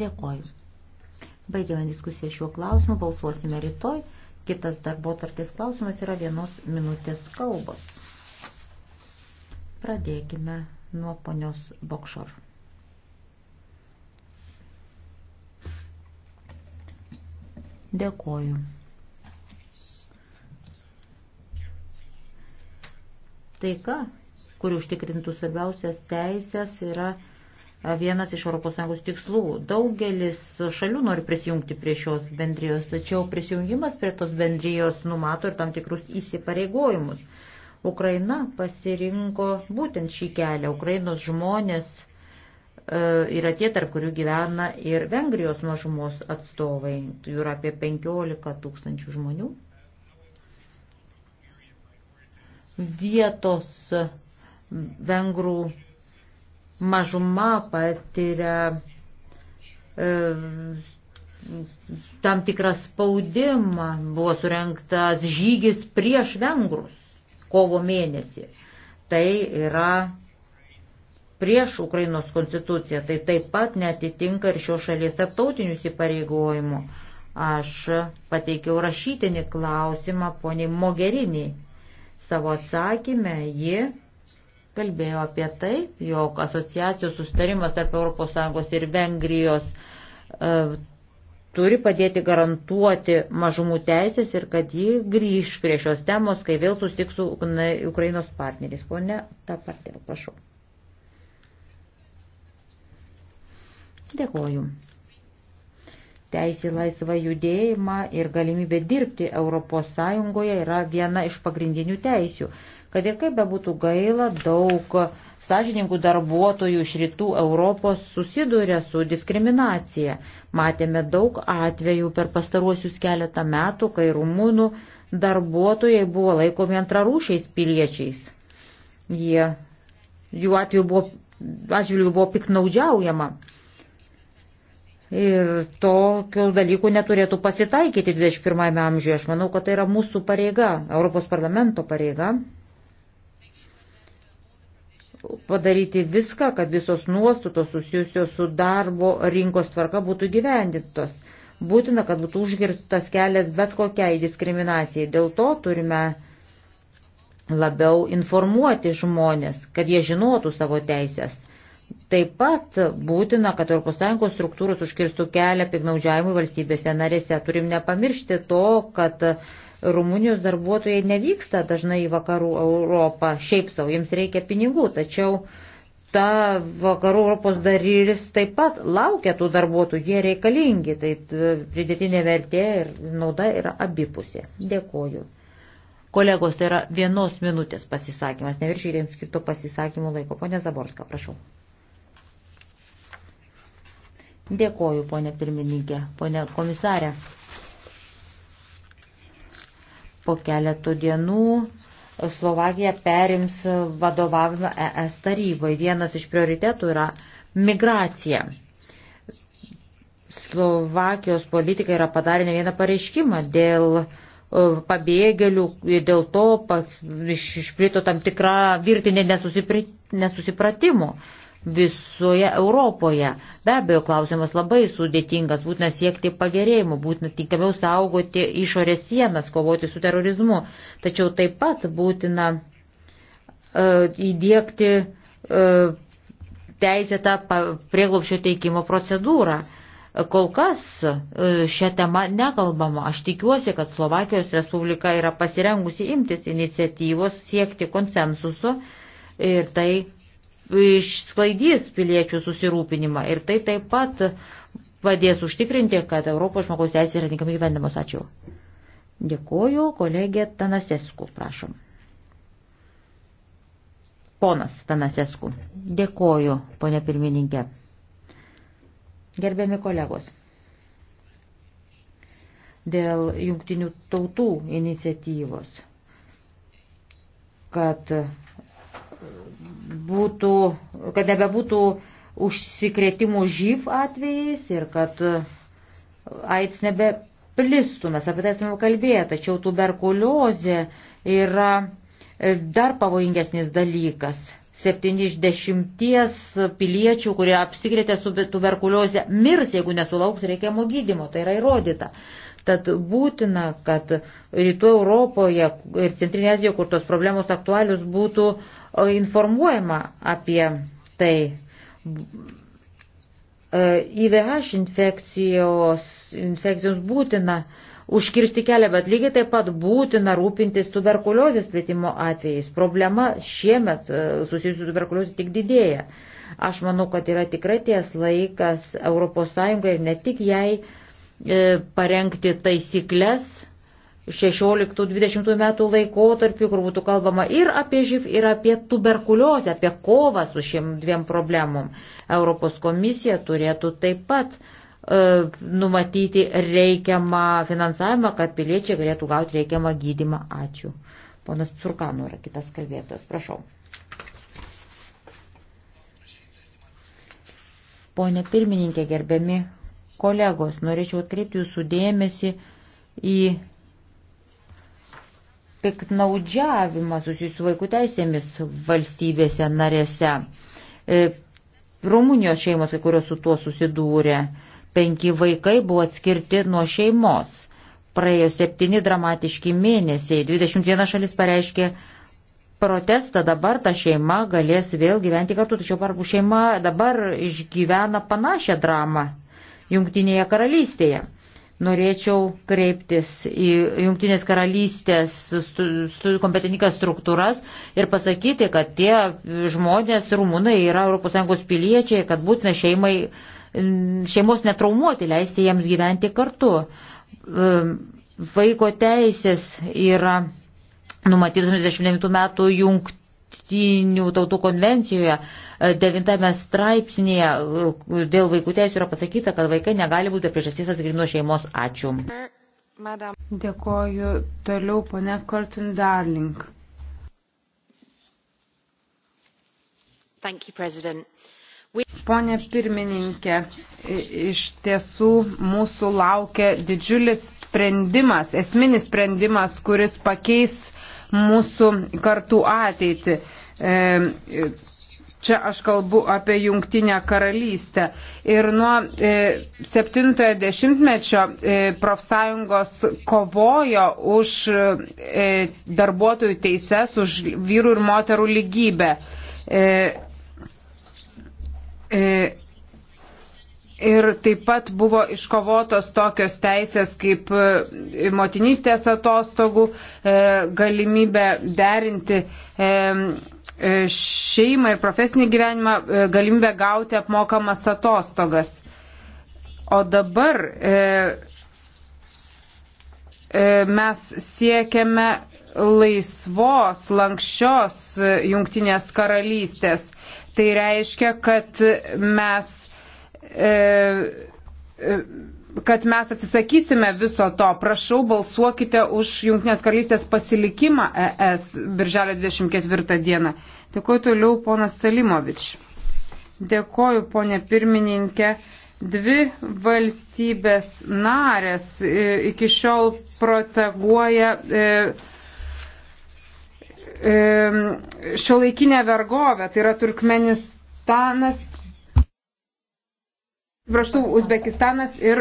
Dėkoju. Baigiame diskusiją šiuo klausimu, balsuosime rytoj. Kitas darbo tartis klausimas yra vienos minutės kalbos. Pradėkime nuo ponios Bokšor. Dėkoju. Taika, kuri užtikrintų svarbiausias teisės, yra vienas iš ES tikslų. Daugelis šalių nori prisijungti prie šios bendrijos, tačiau prisijungimas prie tos bendrijos numato ir tam tikrus įsipareigojimus. Ukraina pasirinko būtent šį kelią. Ukrainos žmonės e, yra tie, tarp kurių gyvena ir Vengrijos mažumos atstovai. Jų yra apie 15 tūkstančių žmonių. Vietos vengrų mažuma patiria e, tam tikrą spaudimą. Buvo surinktas žygis prieš vengrus kovo mėnesį. Tai yra prieš Ukrainos konstituciją. Tai taip pat netitinka ir šios šalies tarptautinius įpareigojimų. Aš pateikiau rašytinį klausimą poniai Mogeriniai. Savo atsakymę ji kalbėjo apie tai, jog asociacijos sustarimas tarp ES ir Vengrijos e, turi padėti garantuoti mažumų teisės ir kad ji grįž prie šios temos, kai vėl susitiks su Ukrainos partneriais. Pone, tą partiją, prašau. Dėkoju. Teisė laisvą judėjimą ir galimybė dirbti ES yra viena iš pagrindinių teisių. Kad ir kaip bebūtų gaila, daug sąžininkų darbuotojų iš rytų Europos susiduria su diskriminacija. Matėme daug atvejų per pastaruosius keletą metų, kai rumūnų darbuotojai buvo laikomi antrarūšiais piliečiais. Jie, jų atveju buvo, atžvilgių buvo piknaudžiaujama. Ir tokių dalykų neturėtų pasitaikyti 21 amžiuje. Aš manau, kad tai yra mūsų pareiga, Europos parlamento pareiga padaryti viską, kad visos nuostatos susijusios su darbo rinkos tvarka būtų gyvendintos. Būtina, kad būtų užgirstas kelias bet kokiai diskriminacijai. Dėl to turime labiau informuoti žmonės, kad jie žinotų savo teisės. Taip pat būtina, kad ES struktūros užkirstų kelią piknaudžiavimui valstybėse narėse. Turim nepamiršti to, kad uh, Rumunijos darbuotojai nevyksta dažnai į vakarų Europą, šiaip savo, jiems reikia pinigų, tačiau ta vakarų Europos darylis taip pat laukia tų darbuotojų, jie reikalingi, tai e, pridėtinė vertė ir nauda yra abipusė. Dėkoju. Kolegos, tai yra vienos minutės pasisakymas, neviršykite jums skirto pasisakymų laiko. Pone Zaborska, prašau. Dėkoju, ponė pirmininkė, ponė komisarė. Po keletų dienų Slovakija perims vadovavimą ES taryboje. Vienas iš prioritetų yra migracija. Slovakijos politikai yra padarę ne vieną pareiškimą dėl e, pabėgėlių, dėl to išplito tam tikra virtinė nesusipratimo visoje Europoje. Be abejo, klausimas labai sudėtingas, būtina siekti pagerėjimų, būtina tinkamiau saugoti išorės sienas, kovoti su terorizmu. Tačiau taip pat būtina uh, e, įdėkti uh, e, teisėtą prieglopšio teikimo procedūrą. Kol kas e, šią temą nekalbama. Aš tikiuosi, kad Slovakijos Respublika yra pasirengusi imtis iniciatyvos siekti konsensuso ir tai išsklaidys piliečių susirūpinimą ir tai taip pat padės užtikrinti, kad Europos žmogaus teisės yra tinkamai gyvendamos. Ačiū. Dėkoju, kolegė Tanasesku, prašom. Ponas Tanasesku. Dėkoju, ponė pirmininkė. Gerbiami kolegos. Dėl jungtinių tautų iniciatyvos, kad būtų, kad nebebūtų užsikrėtimų žyv atvejais ir kad AIDS nebeplistų. Mes apie tai esame kalbėję, tačiau tuberkuliozė yra dar pavojingesnis dalykas. 7 iš 10 piliečių, kurie apsikrėtė su tuberkuliozė, mirs, jeigu nesulauks reikiamo gydimo. Tai yra įrodyta. Tad būtina, kad rytų Europoje ir Centrinė Azijoje, kur tos problemos aktualius, būtų e, informuojama apie tai. E, IVH infekcijos, infekcijos būtina užkirsti kelią, bet lygiai taip pat būtina rūpintis tuberkuliozės plėtimo atvejais. Problema šiemet e, susijusi su tuberkuliozė tik didėja. Aš manau, kad yra tikrai ties laikas ES ir ne tik jai E, parengti taisyklės 16-20 metų laikotarpiu, kur būtų kalbama ir apie živ, ir apie tuberkuliozę, apie kovą su šiem dviem problemom. Europos komisija turėtų taip pat e, numatyti reikiamą finansavimą, kad piliečiai galėtų gauti reikiamą gydimą. Ačiū. Ponas Curkanų yra kitas kalbėtojas. Prašau. Pone pirmininkė, gerbiami Kolegos, norėčiau atkreipti jūsų dėmesį į piknaudžiavimą susijusiu vaikų teisėmis valstybėse narėse. E, Rumunijos šeimos, kai kurios su tuo susidūrė, penki vaikai buvo atskirti nuo šeimos. Praėjo septyni dramatiški mėnesiai, 21 šalis pareiškė protestą, dabar ta šeima galės vėl gyventi kartu, tačiau parbu šeima dabar išgyvena panašią dramą Jungtinėje karalystėje. Norėčiau kreiptis į Jungtinės karalystės kompetentingas struktūras ir pasakyti, kad tie žmonės, rumūnai, yra ES piliečiai, kad būtina šeimai, šeimos netraumuoti, leisti jiems gyventi kartu. Ehm, vaiko teisės yra numatytas 29 metų jungti jungtinių tautų konvencijoje, e, devintame straipsnėje e, dėl vaikų teisų yra pasakyta, kad vaikai negali būti priežastys atskirti nuo šeimos. Ačiū. Madam. Dėkoju. Toliau pone Kortin Darling. Thank you, President. Pone pirmininkė, iš tiesų mūsų laukia didžiulis sprendimas, esminis sprendimas, kuris pakeis uh, mūsų kartų ateitį. E, čia aš kalbu apie jungtinę karalystę. Ir nuo 70-ojo e, dešimtmečio e, profsąjungos kovojo už darbuotojų teises, už vyrų ir moterų lygybę. Ir taip pat buvo iškovotos tokios teisės kaip e, motinystės atostogų, e, galimybė derinti e, šeimą ir profesinį gyvenimą, galimybę gauti apmokamas atostogas. O dabar mes siekiame laisvos, lankščios jungtinės karalystės. Tai reiškia, kad mes E, e, kad mes atsisakysime viso to. Prašau, balsuokite už Junktinės karalystės pasilikimą ES birželio 24 dieną. Dėkuoju toliau, ponas Salimovič. Dėkuoju, ponė pirmininkė. Dvi valstybės narės e, iki šiol proteguoja šio laikinę vergovę, tai yra Turkmenistanas Prašau, Uzbekistanas ir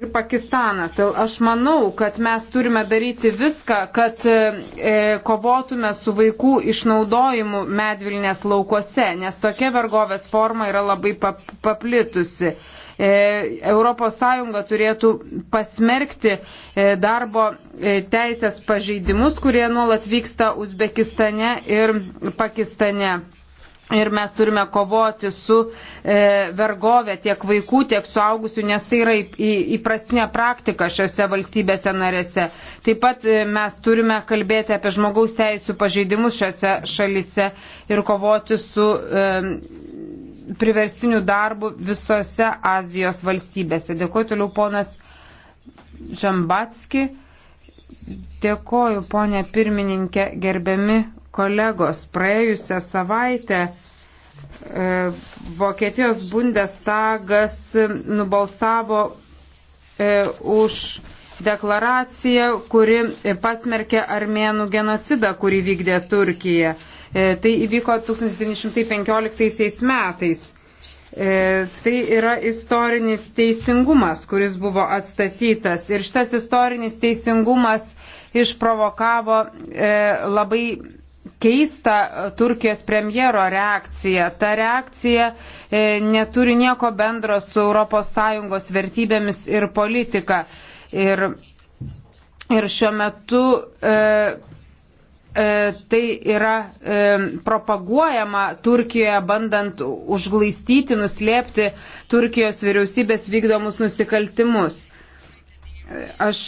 ir Pakistanas. Tai aš manau, kad mes turime daryti viską, kad e, kovotume su vaikų išnaudojimu medvilnės laukose, nes tokia vergovės forma yra labai pap paplitusi. E, ES turėtų pasmerkti e, darbo e, teisės pažeidimus, kurie nuolat vyksta Uzbekistane ir Pakistane. Ir mes turime kovoti su e, vergovė tiek vaikų, tiek suaugusių, nes tai yra įprastinė praktika šiuose valstybėse narėse. Taip pat e, mes turime kalbėti apie žmogaus teisų pažeidimus šiuose šalise ir kovoti su e, priverstiniu darbu visose Azijos valstybėse. Dėkuoju toliau ponas Žambatski. Dėkuoju ponė pirmininkė, gerbiami Kolegos, praėjusią savaitę e, Vokietijos Bundestagas nubalsavo e, už deklaraciją, kuri pasmerkė armėnų genocidą, kurį vykdė Turkija. E, tai įvyko 1915 metais. Tai yra istorinis teisingumas, kuris buvo atstatytas. Ir šitas istorinis teisingumas išprovokavo labai keista Turkijos premjero reakcija. Ta reakcija e, neturi nieko bendro su ES vertybėmis ir politika. Ir, ir šiuo metu e, e, tai yra e, propaguojama Turkijoje, bandant užglaistyti, nuslėpti Turkijos vyriausybės vykdomus nusikaltimus. Aš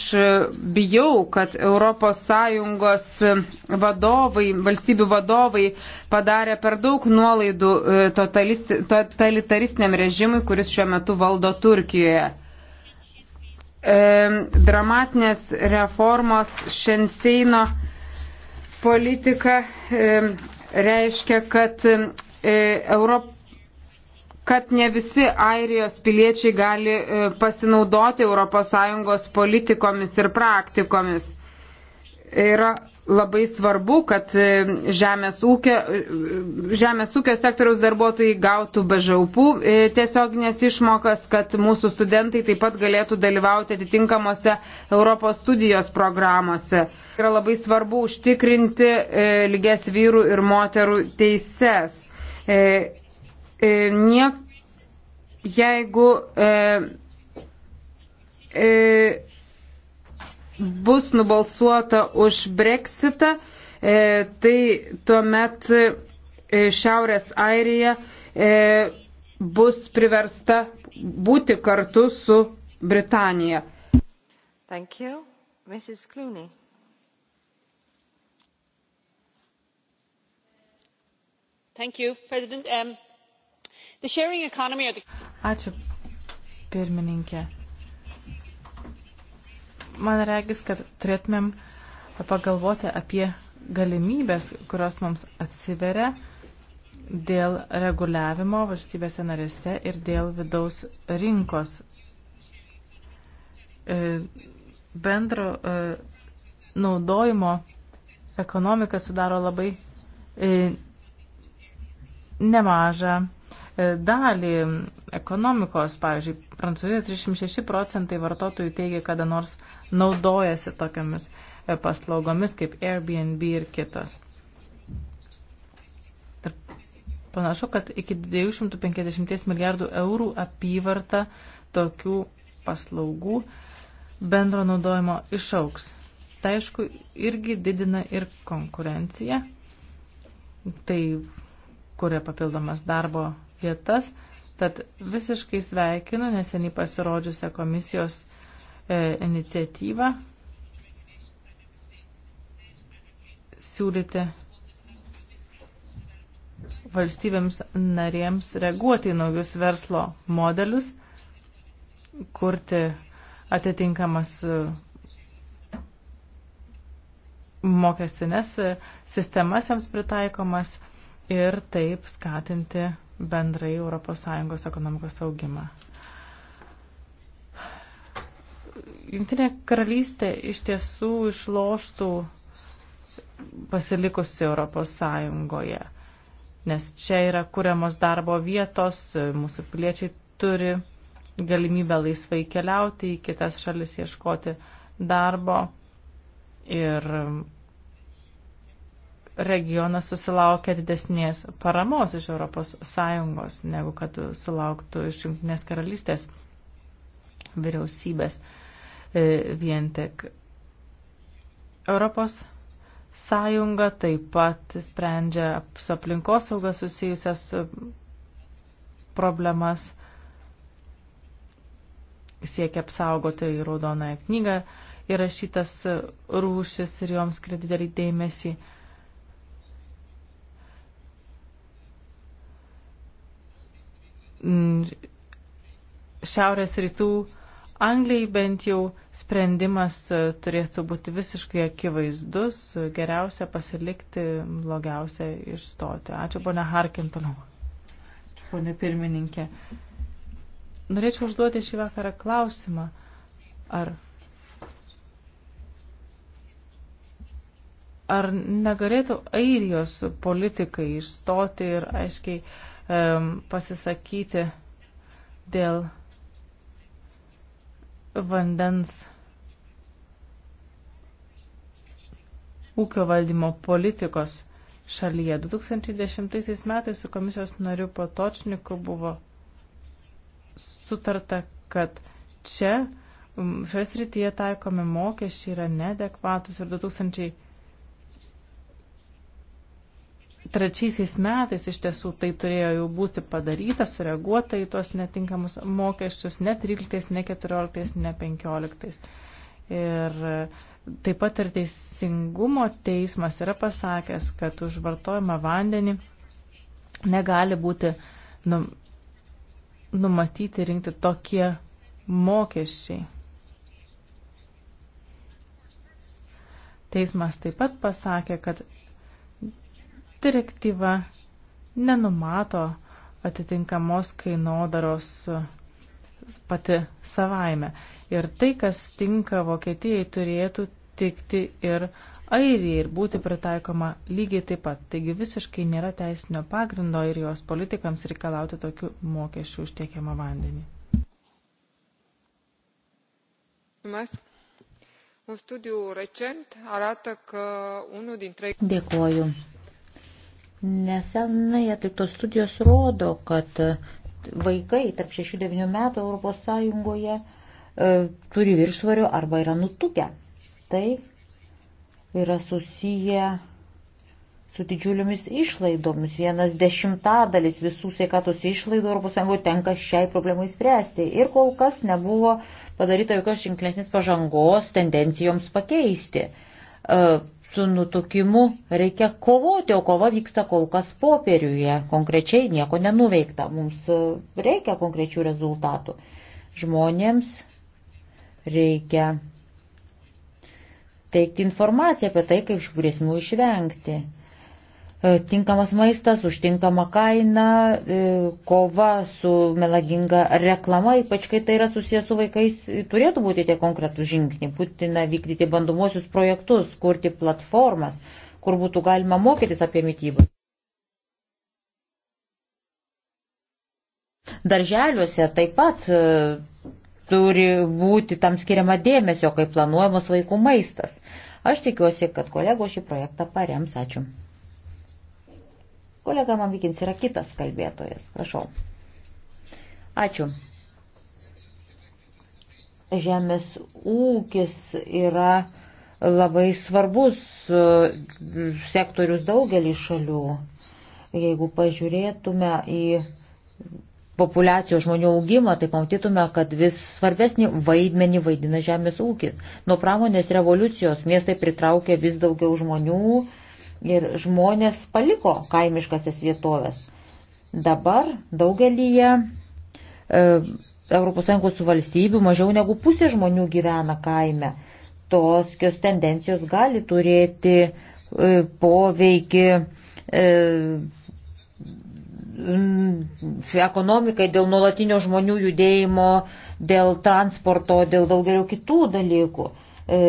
bijau, kad ES vadovai, valstybių vadovai padarė per daug nuolaidų e, totalitaristiniam režimui, kuris šiuo metu valdo Turkijoje. E, dramatinės reformos Šenfeino politika e, reiškia, kad e, Europos kad ne visi Airijos piliečiai gali e, pasinaudoti ES politikomis ir praktikomis. Yra labai svarbu, kad e, žemės ūkio, e, žemės ūkio sektoriaus darbuotojai gautų bežaupų tiesioginės išmokas, kad mūsų studentai taip pat galėtų dalyvauti atitinkamose Europos studijos programuose. Yra labai svarbu užtikrinti lygės vyrų ir moterų teises E, nie, jeigu e, e, bus nubalsuota už breksitą, e, tai tuomet e, Šiaurės Airija e, bus priversta būti kartu su Britanija. Thank you. Mrs. Clooney. Thank you, President. Um, Ačiū, pirmininkė. Man regis, kad turėtumėm pagalvoti apie galimybės, kurios mums atsiveria dėl reguliavimo valstybėse narėse ir dėl vidaus rinkos e, bendro e, naudojimo ekonomika sudaro labai e, nemažą E, dalį ekonomikos. Pavyzdžiui, Prancūzijoje 36 procentai vartotojų teigia, kada nors naudojasi tokiamis e, paslaugomis kaip Airbnb ir kitos. Ir panašu, kad iki 250 milijardų eurų apyvarta tokių paslaugų bendro naudojimo išauks. Tai aišku, irgi didina ir konkurenciją. Tai kuria papildomas darbo vietas, tad visiškai sveikinu neseniai pasirodžiusią komisijos e, iniciatyvą siūlyti valstybėms narėms reaguoti į naujus verslo modelius, kurti atitinkamas e, mokestinės sistemas jiems pritaikomas ir taip skatinti bendrai ES ekonomikos augimą. Junktinė karalystė iš tiesų išloštų pasilikusi Europos Sąjungoje, nes čia yra kuriamos darbo vietos, mūsų piliečiai turi galimybę laisvai keliauti į kitas šalis ieškoti darbo ir regionas susilaukia didesnės paramos iš ES negu kad sulauktų iš Junktinės karalystės vyriausybės e, vien tik. Europos sąjunga taip pat sprendžia su aplinkosauga susijusias e, problemas, siekia apsaugoti į raudonąją knygą įrašytas e, rūšis ir joms skirti didelį dėmesį. Mm, šiaurės rytų Anglijai bent jau sprendimas e, turėtų būti visiškai akivaizdus, e, geriausia pasilikti, blogiausia išstoti. Ačiū, ponia Harkin, toliau. Pone pirmininkė. Norėčiau užduoti šį vakarą klausimą, ar, ar negalėtų airijos politikai išstoti ir aiškiai uh, pasisakyti dėl vandens ūkio valdymo politikos šalyje. 2010 metais su komisijos nariu Patočniku buvo sutarta, kad čia šioje srityje taikomi mokesčiai yra neadekvatus ir 2000 trečiaisiais metais iš tiesų tai turėjo jau būti padaryta, sureaguota į tuos netinkamus mokesčius, ne 13, ne 14, ne 15. Ir taip pat ir teisingumo teismas yra pasakęs, kad už vartojimą vandenį negali būti num, numatyti rinkti tokie mokesčiai. Teismas taip pat pasakė, kad direktyva nenumato atitinkamos kainodaros pati savaime. Ir tai, kas tinka Vokietijai, turėtų tikti ir Airijai ir būti pritaikoma lygiai taip pat. Taigi visiškai nėra teisinio pagrindo ir jos politikams reikalauti tokių mokesčių už tiekiamą vandenį. Dėkuoju. Nesenai atliktos studijos rodo, kad vaikai tarp 6-9 metų ES e, turi viršsvario arba yra nutukę. Tai yra susiję su didžiuliomis išlaidomis. Vienas dešimtadalis visų sveikatos išlaidų ES tenka šiai problemai spręsti. Ir kol kas nebuvo padaryta jokios žingsnesnės pažangos tendencijoms pakeisti. E, E, su nutukimu reikia kovoti, o kova vyksta kol kas popieriuje. Konkrečiai nieko nenuveikta. Mums e, reikia konkrečių rezultatų. Žmonėms reikia teikti informaciją apie tai, kaip šių grėsmių išvengti. E, tinkamas maistas, užtinkama kaina, e, kova su melaginga reklama, ypač kai tai yra susijęs su vaikais, e, turėtų būti tie konkretų žingsniai. Būtina vykdyti bandomuosius projektus, kurti platformas, kur būtų galima mokytis apie mytybą. Darželiuose taip pat turi būti tam skiriama dėmesio, kai planuojamas vaikų maistas. Aš tikiuosi, kad kolegos šį projektą parems. Ačiū. Kolega Mamikins yra kitas kalbėtojas. Prašau. Ačiū. Žemės ūkis yra labai svarbus e, sektorius daugelį šalių. Jeigu pažiūrėtume į populiacijos žmonių augimą, tai pamatytume, kad vis svarbesnį vaidmenį vaidina žemės ūkis. Nuo pramonės revoliucijos miestai pritraukia vis daugiau žmonių, ir žmonės paliko kaimiškasias vietovės. Dabar daugelyje ES valstybių mažiau negu pusė žmonių gyvena kaime. Toskios tendencijos gali turėti e, poveikį e, ekonomikai dėl nuolatinio žmonių judėjimo, dėl transporto, dėl daugelio kitų dalykų. E,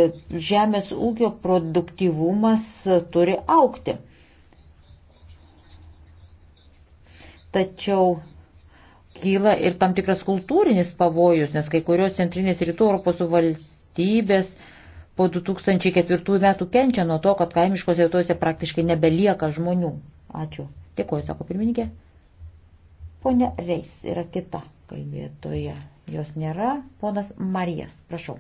žemės ūkio produktyvumas turi aukti. Tačiau kyla ir tam tikras kultūrinis pavojus, nes kai kurios centrinės rytų Europos valstybės po 2004 metų kenčia nuo to, kad kaimiškose vietose praktiškai nebelieka žmonių. Ačiū. Dėkuoju, sako pirmininkė. Pone Reis yra kita kalbėtoja. Jos nėra. Ponas Marijas, prašau.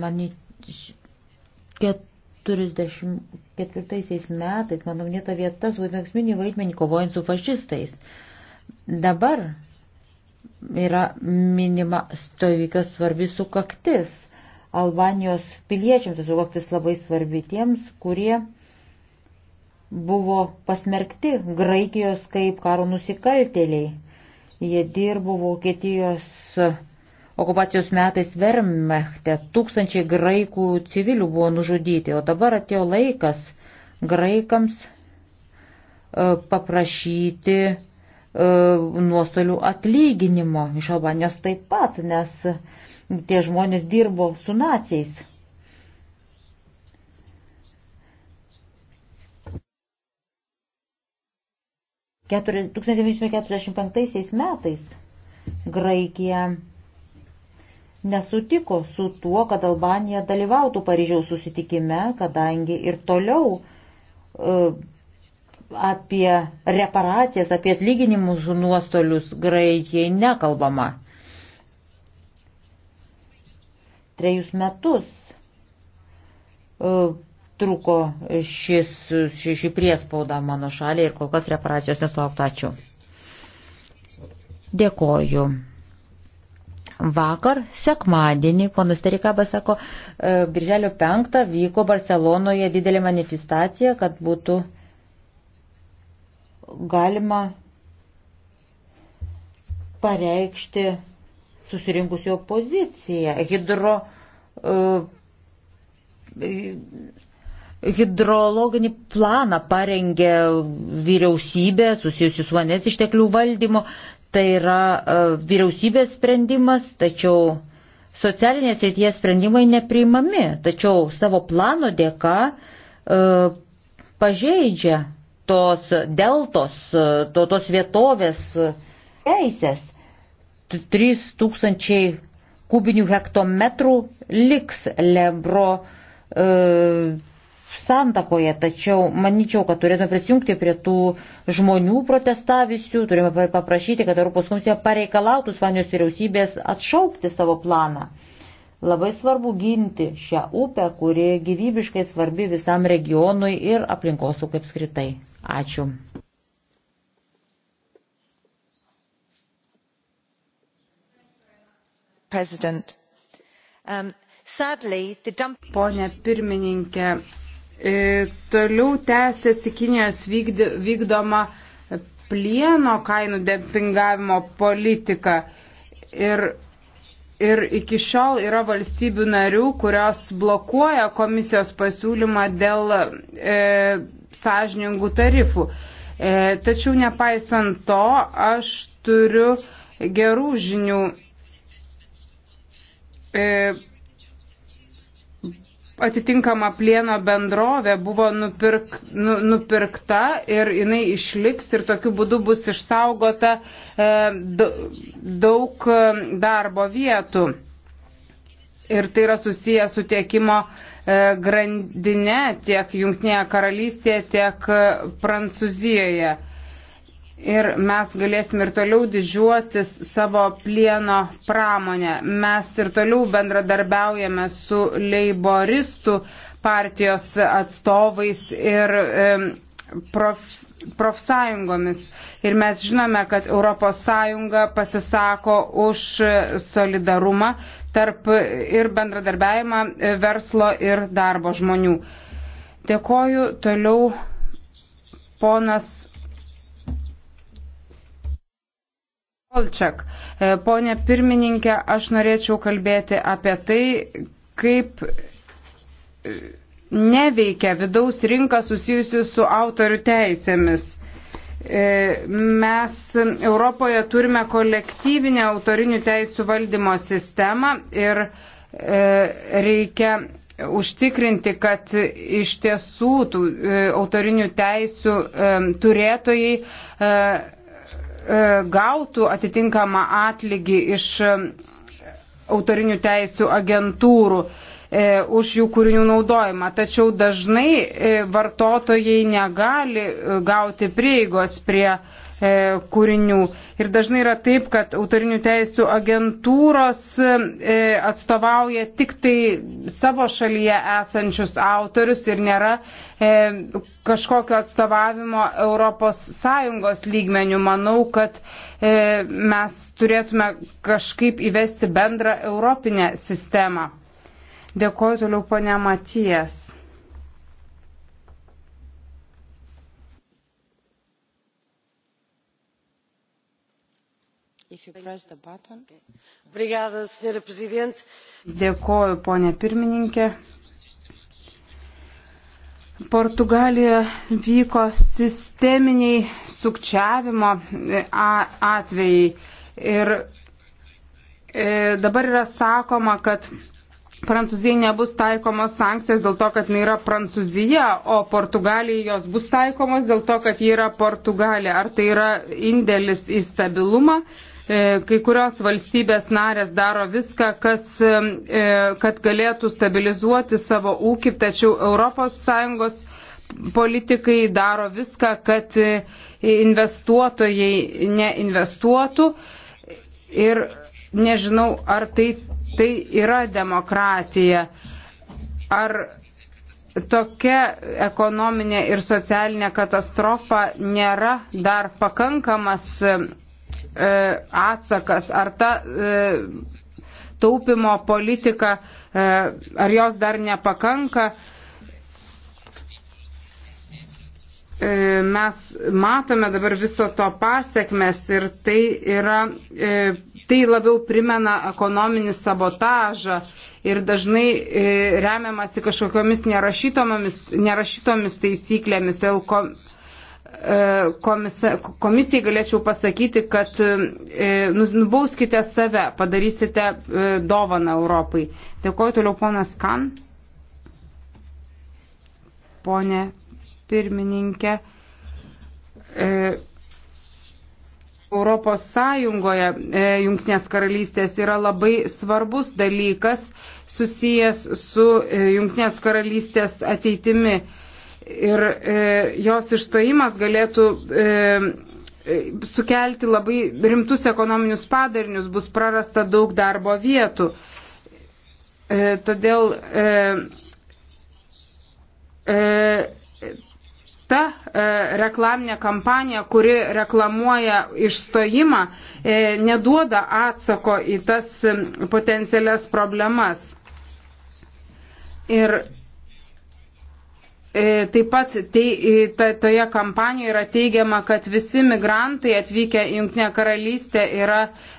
Mani 44 metais, mano minėta vieta, suvaidino esminį vaidmenį kovojant su fašistais. Dabar yra minima stovykas svarbi sukaktis. Albanijos piliečiams tas sukaktis labai svarbi tiems, kurie buvo pasmerkti Graikijos kaip karo nusikaltėliai. Jie dirbo Vokietijos okupacijos metais Vermechte tūkstančiai graikų civilių buvo nužudyti, o dabar atėjo laikas graikams e, paprašyti e, nuostolių atlyginimo iš Albanijos taip pat, nes tie žmonės dirbo su naciais. Keturi, 1945 metais Graikija nesutiko su tuo, kad Albanija dalyvautų Paryžiaus susitikime, kadangi ir toliau e, apie reparacijas, apie atlyginimus nuostolius Graikijai nekalbama. Trejus metus e, truko šis, ši, ši priespauda mano šaliai ir kol kas reparacijos nesulaukta. Ačiū. Dėkoju. Vakar, sekmadienį, ponas Terikabas sako, e, birželio 5 vyko Barcelonoje didelė manifestacija, kad būtų galima pareikšti susirinkusio poziciją. Hidro, e, hidrologinį planą parengė vyriausybė susijusi su vandens išteklių valdymo tai yra e, vyriausybės sprendimas, tačiau socialinės ryties sprendimai nepriimami, tačiau savo plano dėka e, pažeidžia tos deltos, e, to, tos vietovės teisės. 3000 kubinių hektometrų liks Lebro e, santakoje, tačiau manyčiau, kad turėtume prisijungti prie tų žmonių protestavusių, turime paprašyti, kad Europos komisija pareikalautų Ispanijos vyriausybės atšaukti savo planą. Labai svarbu ginti šią upę, kuri gyvybiškai svarbi visam regionui ir aplinkosaugai apskritai. Ačiū. President. Um, sadly, the dump... Pone pirmininkė, E, toliau tęsiasi Kinijos vykdoma plieno kainų dempingavimo politika. Ir, ir iki šiol yra valstybių narių, kurios blokuoja komisijos pasiūlymą dėl e, sąžiningų tarifų. E, tačiau nepaisant to, aš turiu gerų žinių. E, atitinkama plieno bendrovė buvo nupirk, nu, nupirkta ir jinai išliks ir tokiu būdu bus išsaugota e, daug e, darbo vietų. Ir tai yra susiję su tiekimo e, grandinė tiek Junktinėje karalystėje, tiek e, Prancūzijoje ir mes galėsime ir toliau didžiuotis savo plieno pramonę. Mes ir toliau bendradarbiaujame su leiboristų partijos atstovais ir e, prof, profsąjungomis. Ir mes žinome, kad ES pasisako už solidarumą tarp ir bendradarbiavimą e, verslo ir darbo žmonių. Dėkoju toliau ponas Olčiak, e, ponė pirmininkė, aš norėčiau kalbėti apie tai, kaip e, neveikia vidaus rinka susijusi su autorių teisėmis. E, mes Europoje turime kolektyvinę autorinių teisų valdymo sistemą ir reikia užtikrinti, kad iš tiesų tų autorinių teisų turėtojai E, gautų atitinkamą atlygį iš e, autorinių teisų agentūrų e, už jų kūrinių naudojimą. Tačiau dažnai e, vartotojai negali e, gauti prieigos prie e, E, kūrinių. Ir dažnai yra taip, kad autorinių teisų agentūros e, atstovauja tik tai savo šalyje esančius autorius ir nėra e, kažkokio atstovavimo ES lygmenių. Manau, kad mes turėtume kažkaip įvesti bendrą europinę sistemą. Dėkuoju toliau ponia Matijas. Dėkoju, ponė pirmininkė. Portugalijoje vyko sisteminiai sukčiavimo e, atvejai ir e, dabar yra sakoma, kad Prancūzijai nebus taikomos sankcijos dėl to, kad jinai yra Prancūzija, o Portugalijai jos bus taikomos dėl to, kad ji yra Portugalija. Ar tai yra indėlis į stabilumą? Uh, E, kai kurios valstybės narės daro viską, kas, e, kad galėtų stabilizuoti savo ūkį, tačiau ES politikai daro viską, kad investuotojai neinvestuotų. Ir nežinau, ar tai, tai yra demokratija. Ar tokia ekonominė ir socialinė katastrofa nėra dar pakankamas E, atsakas, ar ta e, taupimo politika, e, ar jos dar nepakanka. Mes matome dabar viso to pasiekmes ir tai, yra, tai labiau primena ekonominį sabotažą ir dažnai remiamasi kažkokiamis nerašytomis, nerašytomis taisyklėmis. Todėl E, komisa, komisijai galėčiau pasakyti, kad e, nu, nubauskite save, padarysite e, dovaną Europai. Dėkuoju toliau ponas Kan. Pone pirmininkė. Europos Sąjungoje Junktinės karalystės yra labai svarbus dalykas susijęs su Junktinės karalystės ateitimi ir e, jos išstojimas galėtų e, e, sukelti labai rimtus ekonominius padarinius, bus prarasta daug darbo vietų. E, todėl e, e, ta e, reklaminė kampanija, kuri reklamuoja išstojimą, e, neduoda atsako į tas e, potencialias problemas. Ir E, taip pat tai, ta, toje kampanijoje yra teigiama, kad visi migrantai atvykę į Junktinę karalystę yra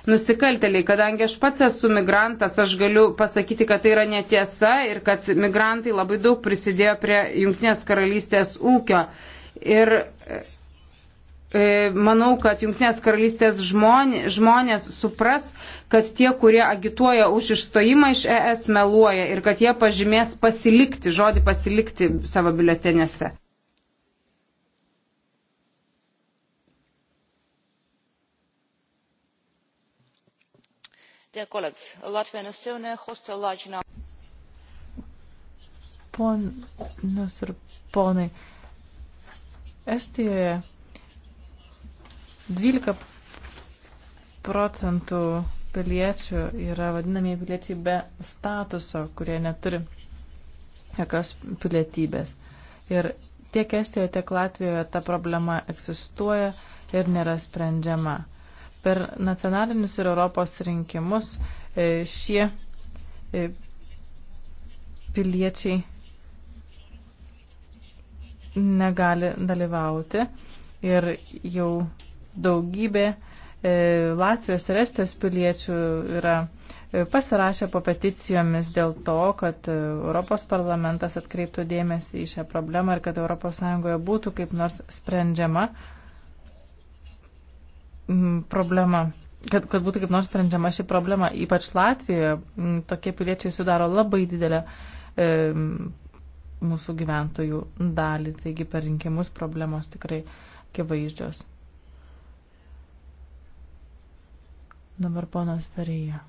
nusikalteliai. Kadangi aš pats esu migrantas, aš galiu pasakyti, kad tai yra netiesa ir kad migrantai labai daug prisidėjo prie Junktinės karalystės ūkio. Ir e, E, manau, kad Junktinės karalystės žmonės, žmonės supras, kad tie, kurie agituoja už išstojimą iš ES, meluoja ir kad jie pažymės pasilikti, žodį pasilikti savo biuletenėse. Ponas ir ponai, Estijoje 12 procentų piliečių yra vadinamieji piliečiai be statuso, kurie neturi jokios pilietybės. Ir tiek Estijoje, tiek Latvijoje ta problema egzistuoja ir nėra sprendžiama. Per nacionalinius ir Europos rinkimus e, šie e, piliečiai negali dalyvauti ir jau daugybė e, Latvijos ir Estijos piliečių yra e, pasirašę po peticijomis dėl to, kad e, Europos parlamentas atkreiptų dėmesį į šią problemą ir kad ES būtų kaip nors sprendžiama problema. Kad, kad būtų kaip nors sprendžiama ši problema, ypač Latvijoje, tokie piliečiai sudaro labai didelę e, mūsų gyventojų dalį, taigi per rinkimus problemos tikrai akivaizdžios. Dabar ponas Tarėja.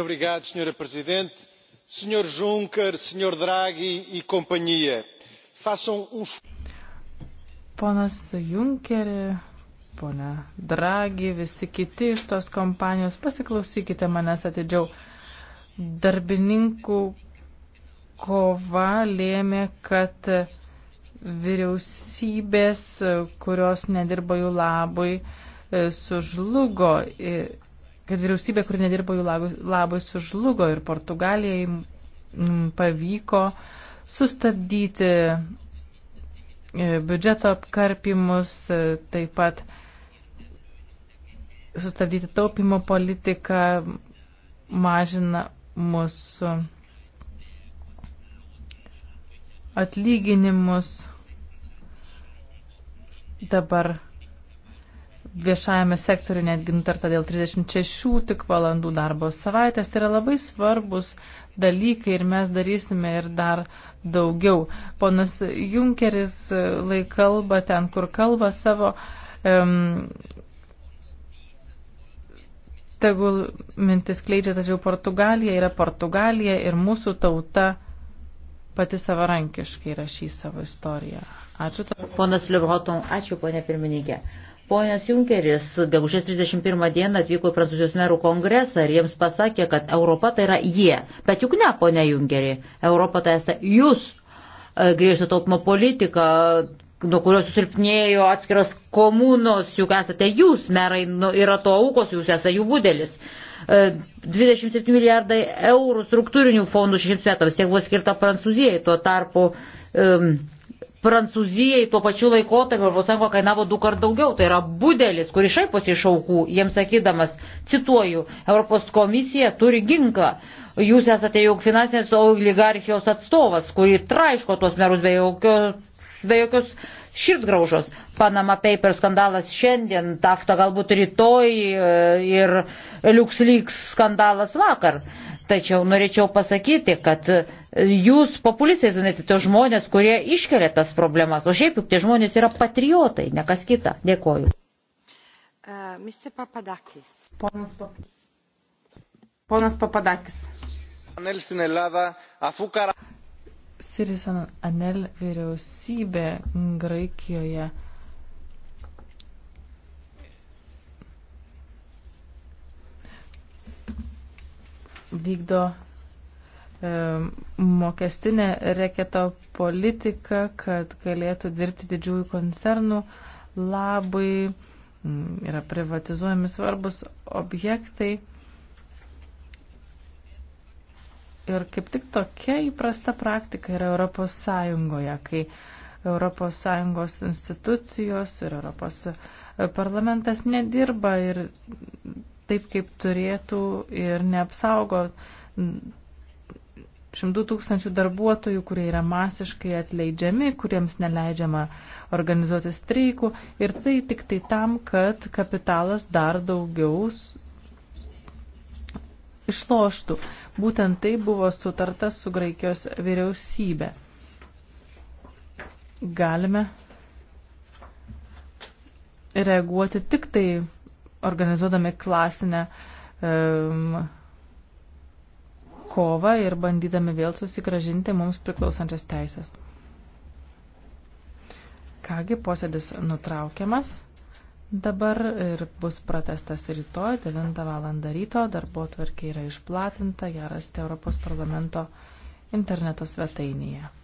Obrigado, senhora Presidente. Senhor Juncker, senhor Draghi e companhia, façam um. Ponas Junckeri, ponia Draghi, visi kiti iš tos kompanijos, pasiklausykite manęs atidžiau. Darbininkų kova lėmė, kad vyriausybės, kurios nedirba jų labui, E, sužlugo, e, kad vyriausybė, kuri nedirbo jų labai, sužlugo ir Portugalijai pavyko sustabdyti e, biudžeto apkarpimus, taip pat sustabdyti taupimo politiką, mažina mūsų atlyginimus dabar viešajame sektoriu netgi nutarta dėl 36 tik valandų darbo savaitės. Tai yra labai svarbus dalykai ir mes darysime ir dar daugiau. Ponas Junkeris e, laik kalba ten, kur kalba savo. Um, tegul mintis kleidžia, tačiau Portugalija yra Portugalija ir mūsų tauta pati savarankiškai rašys savo istoriją. Ačiū. Ponas Liubroton, ačiū ponė pirmininkė. Ponas Junkeris gegužės 31 dieną atvyko į Prancūzijos merų kongresą ir jiems pasakė, kad Europa tai yra jie. Bet juk ne, ponė Junkeri, Europa tai esate jūs. E, griežto taupimo politika, nuo kurios susilpnėjo atskiras komunos, juk esate jūs, merai nu, yra to aukos, jūs esate jų būdelis. 27 e, milijardai eurų struktūrinių fondų šešiems metams tiek buvo skirta Prancūzijai, tuo tarpu um, Prancūzijai tuo pačiu laikotarpiu Europos Sąjunga kainavo du kart daugiau. Tai yra budelis, kuris šaiposi iš aukų, jiems sakydamas, cituoju, Europos komisija turi ginklą. Jūs esate juk finansinės oligarchijos atstovas, kuri traiško tuos merus be jokio be jokios širdgraužos. Panama Paper skandalas šiandien, tafta galbūt rytoj e, ir LuxLeaks skandalas vakar. Tačiau norėčiau pasakyti, kad e, jūs populistais vadinate tai tos žmonės, kurie iškelia tas problemas, o šiaip juk tie žmonės yra patriotai, ne kas kita. Dėkoju. Uh, Papadakis. Ponas, Pap... Ponas Papadakis. Sirisan Anel vyriausybė Graikijoje vykdo e, mokestinę reketo politiką, kad galėtų dirbti didžiųjų koncernų labai, mm, yra privatizuojami svarbus objektai. Ir kaip tik tokia įprasta praktika yra Europos Sąjungoje, kai Europos Sąjungos institucijos ir Europos e, parlamentas nedirba ir taip, kaip turėtų ir neapsaugo šimtų tūkstančių darbuotojų, kurie yra masiškai atleidžiami, kuriems neleidžiama organizuoti streikų ir tai tik tai tam, kad kapitalas dar daugiau išloštų. Būtent tai buvo sutarta su Graikijos vyriausybė. Galime reaguoti tik tai organizuodami klasinę um, kovą ir bandydami vėl susigražinti mums priklausančias teisės. Kągi posėdis nutraukiamas dabar ir bus pratestas rytoj 9 val. ryto. Darbo tvarkė yra išplatinta, ją rasti Europos parlamento interneto svetainėje.